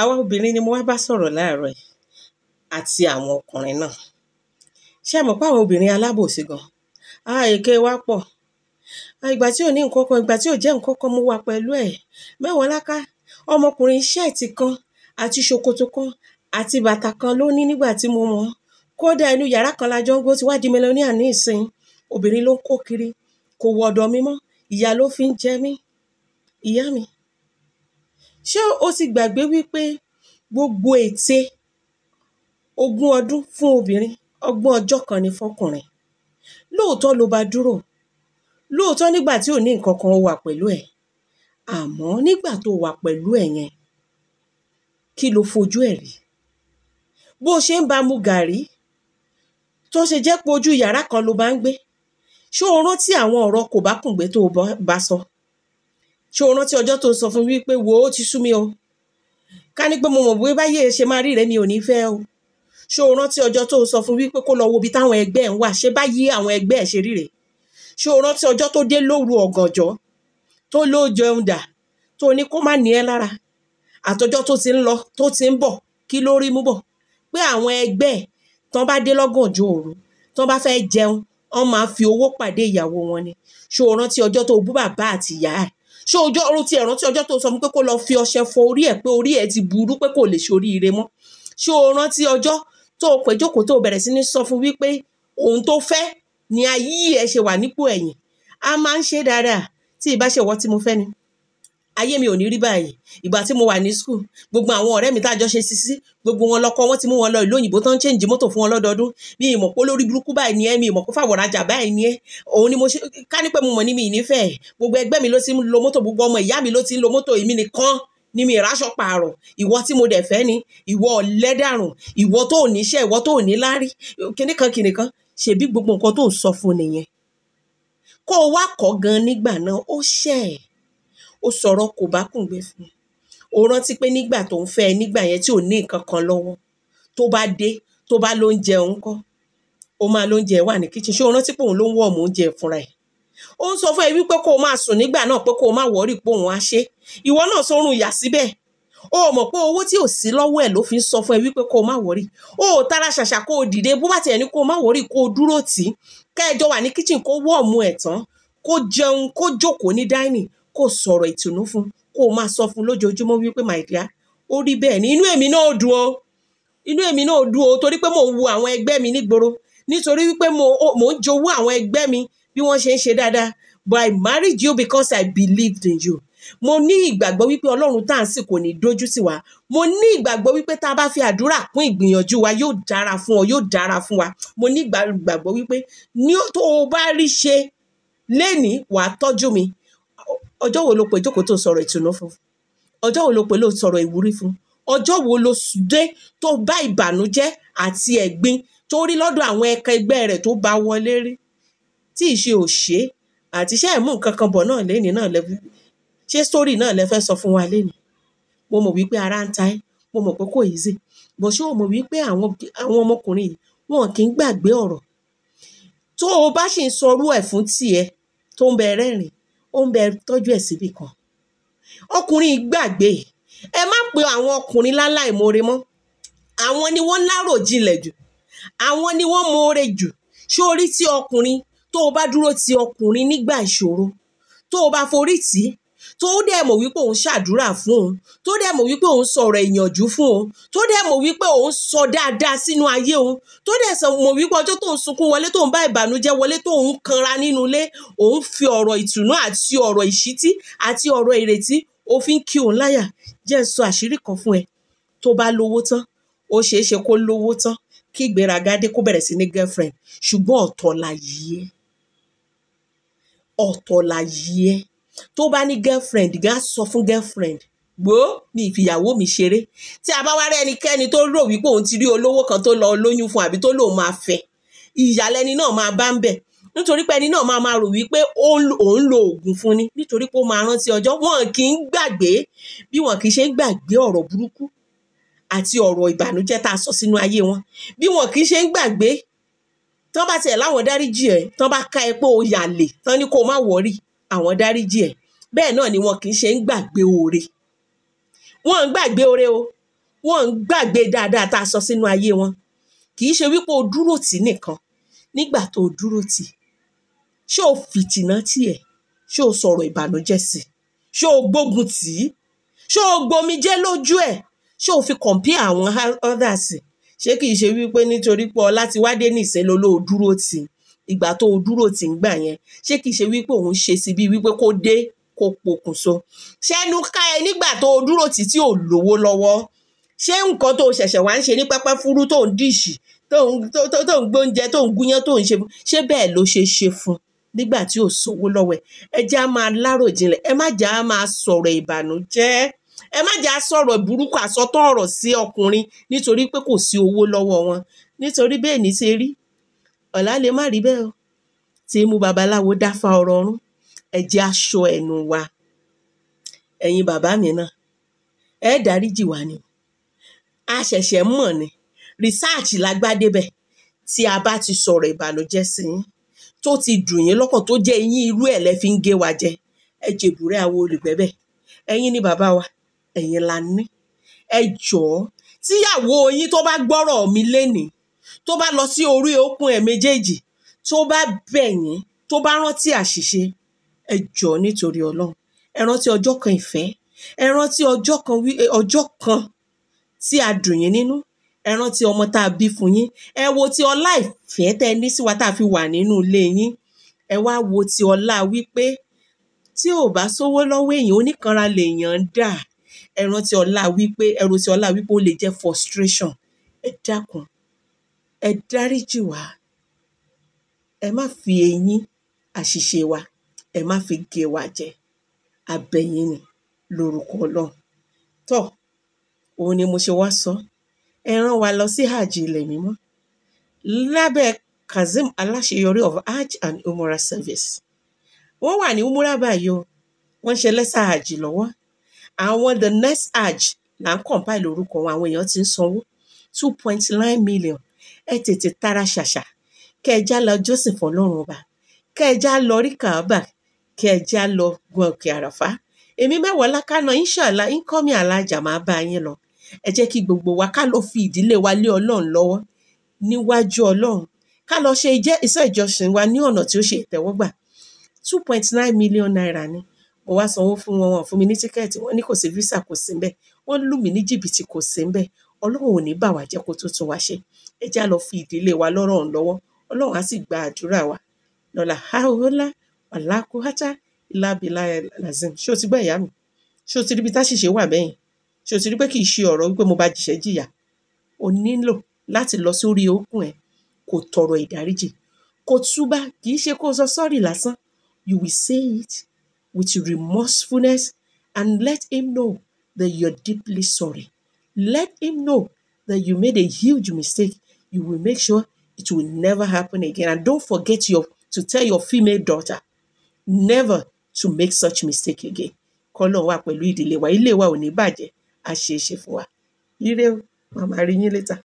àwa obìnrin ni mo wá bá sọ̀rọ̀ láàárọ̀ yìí àti àwọn ọkùnrin náà ṣé ẹ mọ̀ pé àwọn obìnrin alábòsí gan ah èké wa pọ̀ ìgbà tí ò ní nǹkan kan ìgbà tí ò jẹ́ nǹkan kan mo wà pẹ̀lú ẹ̀ mẹ́wọ̀n láká ọmọkùnrin ṣẹ́ẹ̀tì kan àti ṣòkòtò kan àti bàtà kan ló ní nígbà tí mo mọ̀ kódà inú yàrá kan lájọ ń gbó ti wá di mélòníà ní ìsìn obìnrin ló ń kó kiri kò wọ ọ̀dọ̀ mi mọ́ ìyà ló fi ń jẹ mí ìyá mi ṣé o ti gbàgbé wípé gbogbo ète ogún ọdún fún obìnrin ọgbọ̀n ọjọ́ kan ni fọkùnrin lóòótọ́ ló bá dúró lóòótọ́ nígbà tí ò ní nǹkan kan wà pẹ̀lú ẹ̀ àmọ́ nígbà tó wà pẹ̀lú ẹ̀ yẹn kí lo fojú ẹ̀ rí bó ṣe ń ba mu gàrí tó ṣe jẹ́ pé ojú yàrá kan ló bá ń gbé ṣó o rántí àwọn ọ̀rọ̀ kò bá kùngbé tó o bá sọ ṣé o rántí ọjọ́ tó sọ fún mi wípé wo ó ti sú mi o ká ní pé mo mọ̀ bóyá báyé ṣe máa rí rẹ mi ò ní fẹ́ o ṣé o rántí ọjọ́ tó sọ fún wípé kó lọ wo ibi táwọn ẹgbẹ́ ń wà ṣé báyé àwọn ẹgbẹ́ ẹ̀ ṣe rí rè ṣé o rántí ọjọ́ tó dé lóru ọ̀gànjọ́ tó lóò jẹun dà tó ní kó má ní ẹ lára àtọjọ́ tó ti ń lọ tó ti ń bọ̀ kí ló rí mú bọ̀ pé àwọn ẹgbẹ́ tán bá dé lọ́gànjọ́ òru tán bá fẹ́ jẹun wọ́n máa fi owó pàdé ìyàwó wọn ni ṣé o rántí ọjọ́ tó bú bàbá àti ẹ̀ ṣé ọjọ́ oró ti ẹ̀rántí ọjọ́ tó sọ fún pé kó lọ fi ọṣẹ fọ orí ẹ̀ pé orí ẹ̀ ti burú pé kò lè ṣoríire mọ́ ṣé o rántí ọjọ́ tó o pè jókòó tó o bẹ̀rẹ̀ sí ní sọ fún wípé ohun tó fẹ́ ni ayé ẹ̀ ṣe wà nípò ẹ̀yìn a máa ń ṣe dáadáa tí ìbáṣe tí mo fẹ́ ni ayé mi ò ní rí báyìí ìgbà tí mo wà ní skul gbogbo àwọn ọ̀rẹ́ mi tá a jọ ṣe sisi gbogbo wọn lọkọ wọn ti mú wọn lọ ìlú òyìnbó tán ń chẹ́ǹjì mọ́tò fún wọn lọ́dọọdún mi ìmọ̀ pé lórí burúkú báyìí ni ẹ́ mi ìmọ̀ pé fàwọ̀rán ajá báyìí ni ẹ́ òun ni mo ṣe ká ní pé mo mọ̀ ní mi ìnífẹ̀ẹ́ gbogbo ẹgbẹ́ mi ló ti ń lo mọ́tò gbogbo ọmọ ìyá mi ló ti ń lo mọ́tò èmi nìkan mi ìráṣọ pààrọ̀ ìwọ tí mo dẹ̀ fẹ́ ni ìwọ ọ̀lẹ́dàrùn ìwọ tó ò níṣẹ́ ìwọ tó ò ní láárí kìnìkan kìnìkan ṣebí gbogbo nǹkan tó sọ fún nìyẹn kó o wá kọ́ gan nígbà náà ó ṣẹ̀ ẹ́ ó sọ̀rọ̀ kò bá kùngbẹ fún un ó rántí pé nígbà tó ń fẹ́ ẹ nígbà yẹn tí ò ní nǹkan kan lọ́wọ́ tó bá dé tó bá ló ń jẹ òun kọ́ ó máa ló ń jẹ wà ní kíchìn ṣé o rántí pé òun ló ń wọ̀ mò ń jẹ fúnra ẹ̀ ó ń sọ fún ẹ wípé kó o máa sùn nígbà náà pé kó o máa wọ́ọ̀rì pé òun á ṣe ìwọ náà sórun yà síbẹ̀ o mọ̀ pé owó tí ò sí lọ́wọ́ ẹ̀ ló fi ń sọ fún ẹ wípé kó o má wọ́ọ̀rì o ò tara ṣàṣà kó o dìde bó bá tiẹ̀ ní kó o má wọ́ọ̀rì kó o dúró tì í kẹ́ẹ̀jọ wà ní kíchìn kó wọ́ọ̀mù ẹ̀ tán kó jẹun kó jókòó ní dáínì kò sọ̀rọ̀ ìtùnú fún kó máa sọ fún lójoojúmọ́ wípé my dear ó rí bẹ́ẹ̀ ni inú èmi náà dùn o inú èmi náà dùn o torí pé mò ń wo àwọn ẹgbẹ́ mi nígboro nítorí wípé mò ń jowú àwọn ẹgbẹ́ mi bí wọ́n ṣe ń ṣe dáadáa but I married you because I believed in you mo ní ìgbàgbọ́ wípé ọlọ́run tá à ń sìn kò ní dojú tì wá mo ní ìgbàgbọ́ wípé tá a bá fi àdúrà kún ìgbìyànjú wa yóò dára fún ọ yóò dára fún wa mo ní ìgbàgbọ́ wípé ní tó o bá rí ṣe lénìí wàá tọ́jú mi ọjọ́ wo ló pè jókòó tó sọ̀rọ̀ ìtùnú fún ọjọ́ wo ló pè ló sọ̀rọ̀ ìwúrí fún ọjọ́ wo ló dé tó bá ìbànújẹ́ àti ẹ̀gbin tó rí lọ́dọ̀ àwọn ẹ̀ka ẹgbẹ́ rẹ̀ tó bá wọlé rí tí ìṣe ò ṣe àti iṣẹ́ ẹ̀mú nǹkan kan bọ̀ náà lẹ́ni náà lẹ́bí ṣé sórí náà lẹ sọ fún wa lẹ́nu mo mọ̀ wípé ara ń ta ẹ́ mo mọ̀ pé kò easy bó ṣé o mọ̀ wípé àwọn ọmọkùnrin yìí wọn kì í gbàgbé ọ̀rọ̀ tó o bá ṣì ń sọrú ẹ̀ fún tiẹ̀ tó ń bẹ rẹ́rìn ó ń bẹ tọ́jú ẹ̀ síbì kan ọkùnrin gbàgbé ẹ má pe àwọn ọkùnrin láláì moore mọ́ àwọn ni wọ́n lárò jinlẹ̀ jù àwọn ni wọ́n moore jù ṣó orí ti ọkùnrin tó o bá dúró ti ọkùnrin nígbà ìṣòro tó o bá forí tì í tó dẹ̀ mọ̀ wípé òun ṣàdúrà fún òun tó dẹ̀ mọ̀ wípé òun sọ̀rọ̀ ìyànjú fún òun tó dẹ̀ mọ̀ wípé òun sọ dáadáa sínú ayé òun tó dẹ̀ mọ̀ wípé ọjọ́ tó ń sunkún wọlé tó ń bá ìbànújẹ́ wọlé tó ń kanra nínú ilé òun fi ọ̀rọ̀ ìtùnú àti ọ̀rọ̀ ìṣítí àti ọ̀rọ̀ ìrètí ó kí òun láyà jẹ́ sọ àṣírí kan fún ẹ tó bá lówó tán ó ṣeé kó lówó tán kí ìgbéraga dé kó bẹ̀rẹ̀ sí ní girlfriend ṣùgbọ́n ọ̀tọ̀ la yìí ẹ ọ̀tọ̀ la yìí ẹ tó bá ní girlfriend gá sọ fún girlfriend gbòó ní ìfìyàwó mi ṣeré tí a bá wá rí ẹnikẹ́ni tó rò wípé òun ti rí olówó kan tó lọ lóyún fún àbí tó lòun máa fẹ́ ìyàlẹ́ni náà máa bá ń bẹ̀ nítorí pé ẹni náà máa máa rò wípé òun lo oògùn fún ni nítorí pé ó máa rántí ọjọ́ wọn kì í gbàgbé bí wọn kì í ṣe gbàgbé ọ̀rọ̀ burúkú àti ọ̀rọ̀ ìbànújẹ́ tá a sọ sínú ayé wọn bí wọn kì í ṣe gbàgbé tán bá tiẹ̀ láwọn dáríjì ẹ̀ tán bá ká ẹ pé o yàlè tán ní kó o má wọrí àwọn dáríjì ẹ̀ bẹ́ẹ̀ náà ni wọn kì í ṣe ń gbàgbé oore wọn ń gbàgbé oore o wọn ń gbàgbé dáadáa tá a sọ sínú ayé wọn kì í ṣe wípé o dúró tì nìkan nígbà tó o dúró tì ṣé o fìtìnà tiẹ̀ ṣé o sọ̀rọ̀ ìbànújẹ́ sí ṣé o gbógun tì í ṣé o gbomijẹ́ lójú ẹ̀ ṣé o fi compare àwọn others ṣé kì í ṣe wípé nítorí pé ọlá ti wá dé nìṣẹ́ lọ́lọ́ o dúró tì í ìgbà tó o dúró tì ń gbà yẹn ṣé kìí ṣe wípé òun ṣe sí bí wípé kó dé kó pokùnso ṣẹ́nu ká ẹ nígbà tó o dúró tì tí ò lówó lọ́wọ́ ṣé nǹkan tó o ṣẹ̀ṣẹ̀ wá ń ṣe ní pápá fúrú tó ń dìṣì tó ń gbóúnjẹ tó ń gúnyán tó ń ṣe ṣé bẹ́ẹ̀ ló ṣe ṣe fún nígbà tí ò sówó lọ́wọ́ ẹ jẹ́ á máa láròjinlẹ̀ ẹ má jẹ́ á máa sọ̀rọ̀ ìbànújẹ́ ẹ má jẹ́ á sọ̀rọ̀ burúkú àsọtán ọ̀rọ̀ sí ọkùnrin nítorí pé kò sí owó lọ́wọ́ wọn nítorí bẹ́ẹ̀ ní ṣe rí ọ̀la lè má rí bẹ́ẹ̀ o tí mú babaláwo dáfá ọ̀rọ̀ ọ̀run ẹ jẹ́ a ṣọ́ ẹnu wa ẹ̀yin bàbá mi náà ẹ dáríjì wá ni a ṣẹ̀ṣẹ̀ mọ̀ ni rìsáàcì lágbádé bẹ̀ tí a bá ti sọ̀rọ̀ ìbànújẹ́ sí yín tó ti dùn yín lọ́kàn tó jẹ́ yín irú ẹ̀ lẹ́ fi ń gé wa jẹ ẹ jèbùrẹ́ àwọn olùgbẹ́bẹ̀ ẹ̀yin ni bàbá wa ẹ̀yin la ní ẹ jọ̀ọ́ tíyàwó yín tó bá gbọ́rọ̀ mi lénìí tó bá lọ sí orí okùn ẹ̀ méjèèjì tó bá bẹ̀ yín tó bá rántí àṣìṣe ẹ jọ̀ọ́ nítorí ọlọ́run ẹ rántí ọjọ́ kan ìfẹ́ ẹ rántí ọjọ́ kan wí ọjọ́ kan tí a dùn yín nínú ẹ rántí ọmọ tá a bí fún yín ẹ wo ti ọlá ìfẹ́ tẹ ní sí wa tá a fi wà nínú ilé yín ẹ wá wo ti ọlá wípé tí ò bá sówó lọ́wọ́ èèyàn oníkanra lèèyàn ń dà ẹ rántí ọlá wípé ẹ rántí ọlá wípé ó lè jẹ́ frustration ẹ dákun ẹ dáríjì wá ẹ má fi eyín àṣìṣe wa ẹ má fi gé wa jẹ a bẹ̀ yín ni lórúkọ Ọlọ́run tọ́ òun ni mo ṣe wá sọ ẹ rán wa lọ sí hajj ilẹ̀ mímọ́ lábẹ́ Kazeem Aláṣeyọrí of hajj and umrah service wọ́n wà ní umrah báyìí o wọ́n ṣe lẹ́sà hajj lọ́wọ́ àwọn the next hajj là ń kàn báyìí lórúkọ wọn àwọn èèyàn ti ń sanwó two point nine million ẹ tètè tara ṣàṣà kẹ ẹ já lọ jọ́sìn fọlọ́run ọba kẹ ẹ já lọ rí kàábà kẹ ẹ já lọ gun òkè àràfá èmi mẹ́wàá lákàná inṣàlá ńkọ́mi alájà máa bá yín lọ ẹ jẹ́ kí gbogbo wa ká lọ fi ìdílé wa lé ọlọ́run lọ́wọ́ níwájú ọlọ́run ká lọ ṣe jẹ́ iṣẹ́ ìjọsìn wa ní ọ̀nà tí ó ṣe ìtẹ́wọ́gbà two point nine million naira ni mo wá sanwó fún wọn wọn fún mi ní tíkẹ́ẹ̀tì wọn ní kò sí visa kò sí mbẹ̀ wọ́n lù mí ní jìbìtì kò sí mbẹ̀ ọlọ́run ò ní bà wá jẹ́ kó tó tún wá ṣe ẹ já lọ fi ìdílé wa lọ́rọ̀ ọ̀hún lọ́wọ́ ọlọ́run á sì gba àdúrà wa lọ́la haola wàlákúhátá ìlàbílà lazim ṣé o ti gbọ́ ìyá mi ṣé o ti rí ibi táṣìṣe wà bẹ́yìn ṣé o ti rí pé kì í ṣe ọ̀rọ̀ wípé mo bá jìṣẹ́ jìyà o nílò láti lọ sórí okùn ẹ kò tọrọ ìdáríjì kò túbá kì í ṣe kó sọ sọ́ọ̀rì lásán you will say it with remorsefulness and let him know that you are deeply sorry. Let him know that you made a huge mistake. You will make sure it will never happen again. And don't forget your to tell your female daughter never to make such mistake again. Kọ́lọ̀ wà pẹ̀lú ìdílé wa, ilé wa ò ní bàjẹ́, a ṣe é ṣe fún wa. Ire o, màmá rí yín later.